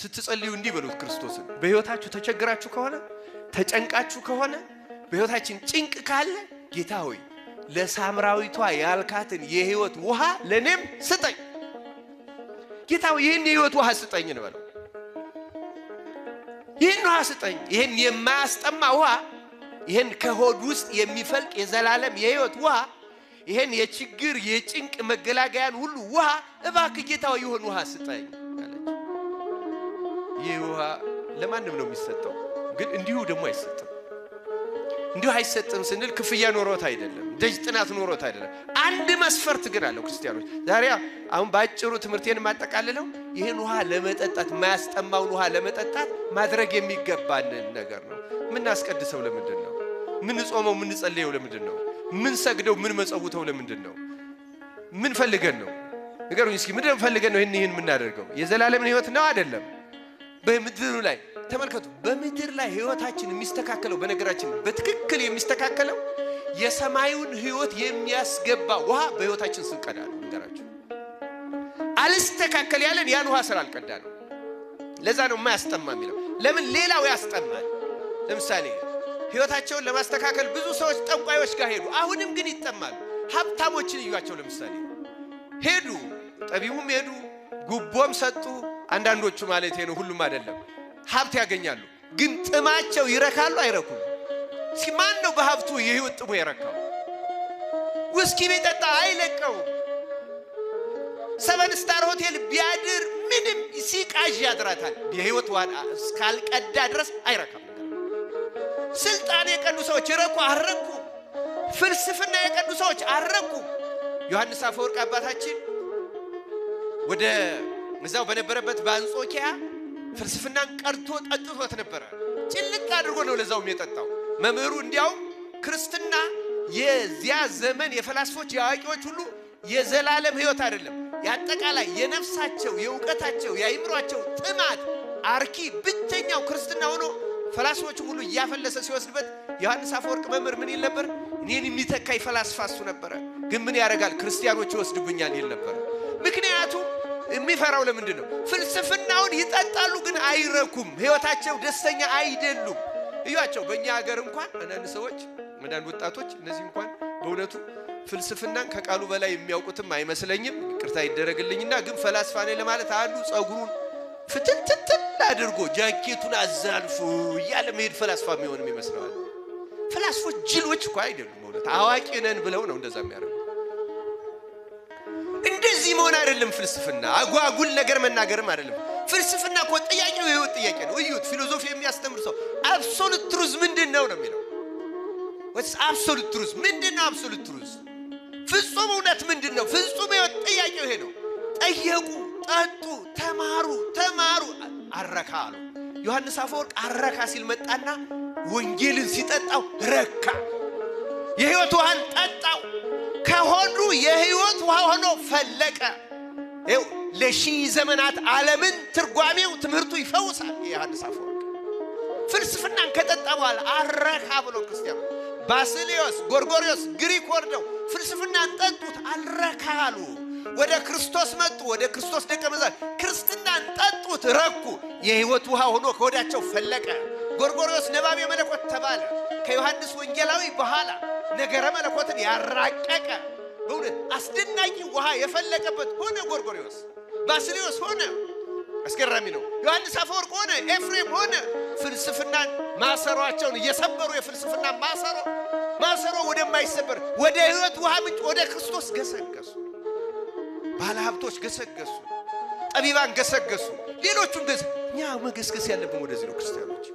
ስትጸልዩ እንዲህ በሉት ክርስቶስን። በሕይወታችሁ ተቸግራችሁ ከሆነ ተጨንቃችሁ ከሆነ በሕይወታችን ጭንቅ ካለ ጌታ ሆይ ለሳምራዊቷ ያልካትን የሕይወት ውሃ ለእኔም ስጠኝ። ጌታ ሆይ ይህን የሕይወት ውሃ ስጠኝ እንበለው። ይህን ውሃ ስጠኝ። ይህን የማያስጠማ ውሃ፣ ይህን ከሆድ ውስጥ የሚፈልቅ የዘላለም የሕይወት ውሃ፣ ይህን የችግር የጭንቅ መገላገያን ሁሉ ውሃ እባክህ ጌታ ሆይ ይሆን ውሃ ስጠኝ። ይህ ውሃ ለማንም ነው የሚሰጠው፣ ግን እንዲሁ ደግሞ አይሰጥም። እንዲሁ አይሰጥም ስንል ክፍያ ኖሮት አይደለም፣ ደጅ ጥናት ኖሮት አይደለም። አንድ መስፈርት ግን አለው። ክርስቲያኖች ዛሬ አሁን በአጭሩ ትምህርቴን የማጠቃልለው ይህን ውሃ ለመጠጣት የማያስጠማውን ውሃ ለመጠጣት ማድረግ የሚገባንን ነገር ነው። ምናስቀድሰው ለምንድን ነው? ምን ጾመው ምን ጸልየው ለምንድን ነው? ምን ሰግደው ምን መጸውተው ለምንድን ነው? ምን ፈልገን ነው? ንገሩኝ እስኪ ምንድን ፈልገን ነው ይህን ይህን የምናደርገው? የዘላለምን ህይወት ነው አይደለም? በምድሩ ላይ ተመልከቱ። በምድር ላይ ህይወታችን የሚስተካከለው በነገራችን በትክክል የሚስተካከለው የሰማዩን ህይወት የሚያስገባ ውሃ በህይወታችን ስንቀዳ ነው። ነገራችሁ አልስተካከል ያለን ያን ውሃ ስራ አልቀዳ ነው። ለዛ ነው የማያስጠማ የሚለው። ለምን ሌላው ያስጠማል። ለምሳሌ ህይወታቸውን ለማስተካከል ብዙ ሰዎች ጠንቋዮች ጋር ሄዱ። አሁንም ግን ይጠማሉ። ሀብታሞችን እዩቸው። ለምሳሌ ሄዱ፣ ጠቢቡም ሄዱ፣ ጉቦም ሰጡ አንዳንዶቹ ማለት ነው፣ ሁሉም አይደለም። ሀብት ያገኛሉ፣ ግን ጥማቸው ይረካሉ አይረኩም? ማን ነው በሀብቱ የህይወት ጥሙ የረካው? ውስኪ ቢጠጣ አይለቀው፣ ሰቨን ስታር ሆቴል ቢያድር ምንም ሲቃዥ ያድራታል። የህይወት ዋዳ እስካልቀዳ ድረስ አይረካም። ስልጣን የቀዱ ሰዎች ይረኩ አረኩ። ፍልስፍና የቀዱ ሰዎች አረኩ። ዮሐንስ አፈወርቅ አባታችን ወደ እዛው በነበረበት በአንጾኪያ ፍልስፍናን ቀርቶ ጠጥቶት ነበረ። ጭልቅ አድርጎ ነው ለዛውም የጠጣው። መምህሩ እንዲያውም ክርስትና የዚያ ዘመን የፈላስፎች የአዋቂዎች ሁሉ የዘላለም ሕይወት አይደለም፣ የአጠቃላይ የነፍሳቸው የእውቀታቸው የአይምሯቸው ጥማት አርኪ ብቸኛው ክርስትና ሆኖ ፈላስፎች ሁሉ እያፈለሰ ሲወስድበት ዮሐንስ አፈወርቅ መምህር ምን ይል ነበር? እኔን የሚተካኝ ፈላስፋ እሱ ነበረ፣ ግን ምን ያደርጋል ክርስቲያኖች ይወስዱብኛል ይል ነበር። የሚፈራው ለምንድን ነው? ፍልስፍናውን ይጠጣሉ፣ ግን አይረኩም። ህይወታቸው ደስተኛ አይደሉም። እያቸው በእኛ ሀገር እንኳን አንዳንድ ሰዎች አንዳንድ ወጣቶች እነዚህ እንኳን በእውነቱ ፍልስፍናን ከቃሉ በላይ የሚያውቁትም አይመስለኝም። ቅርታ ይደረግልኝና ግን ፈላስፋ ነኝ ለማለት አንዱ ጸጉሩን ፍትንትትል አድርጎ ጃኬቱን አዛልፉ እያለ መሄድ ፈላስፋ የሚሆንም ይመስለዋል። ፈላስፎች ጅሎች እኮ አይደሉም። እውነት አዋቂ ነን ብለው ነው እንደዛ የሚያደርጉ እንደዚህ መሆን አይደለም ፍልስፍና። አጓጉል ነገር መናገርም አይደለም ፍልስፍና። እኮ ጥያቄ ነው፣ የህይወት ጥያቄ ነው። እዩት፣ ፊሎዞፊ የሚያስተምር ሰው አብሶሉት ትሩዝ ምንድን ነው ነው የሚለው። አብሶሉት ትሩዝ ምንድን ነው? አብሶሉት ትሩዝ ፍጹም እውነት ምንድን ነው? ፍጹም ህይወት ጥያቄው ይሄ ነው። ጠየቁ፣ ጠጡ፣ ተማሩ፣ ተማሩ አረካ አሉ። ዮሐንስ አፈወርቅ አረካ ሲል መጣና ወንጌልን ሲጠጣው ረካ፣ የህይወት ውሃን ጠጣው። ከሆዱ የህይወት ውሃ ሆኖ ፈለቀ። ይኸው ለሺህ ዘመናት ዓለምን ትርጓሜው ትምህርቱ ይፈውሳል። የዮሐንስ አፈወርቅ ፍልስፍናን ከጠጣ በኋላ አረካ ብሎ ክርስቲያኑ ባስሌዎስ፣ ጎርጎሪዎስ፣ ግሪክ ወርደው ፍልስፍናን ጠጡት አልረካ አሉ። ወደ ክርስቶስ መጡ። ወደ ክርስቶስ ደቀ መዛሙርት ክርስትናን ጠጡት ረኩ። የህይወት ውሃ ሆኖ ከወዳቸው ፈለቀ። ጎርጎሪዎስ ነባቤ መለኮት ተባለ ከዮሐንስ ወንጌላዊ በኋላ ነገረ መለኮትን ያራቀቀ በእውነት አስደናቂ ውሃ የፈለቀበት ሆነ ጎርጎሪዎስ፣ ባስልዮስ ሆነ አስገራሚ ነው። ዮሐንስ አፈወርቅ ሆነ ኤፍሬም ሆነ ፍልስፍናን ማሰሯቸውን እየሰበሩ የፍልስፍና ማሰሮ ማሰሮ ወደማይሰበር ወደ ሕይወት ውሃ ምንጭ ወደ ክርስቶስ ገሰገሱ። ባለሀብቶች ገሰገሱ፣ ጠቢባን ገሰገሱ፣ ሌሎቹም ገሰ እኛ መገስገስ ያለብን ወደዚህ ነው ክርስቲያኖች።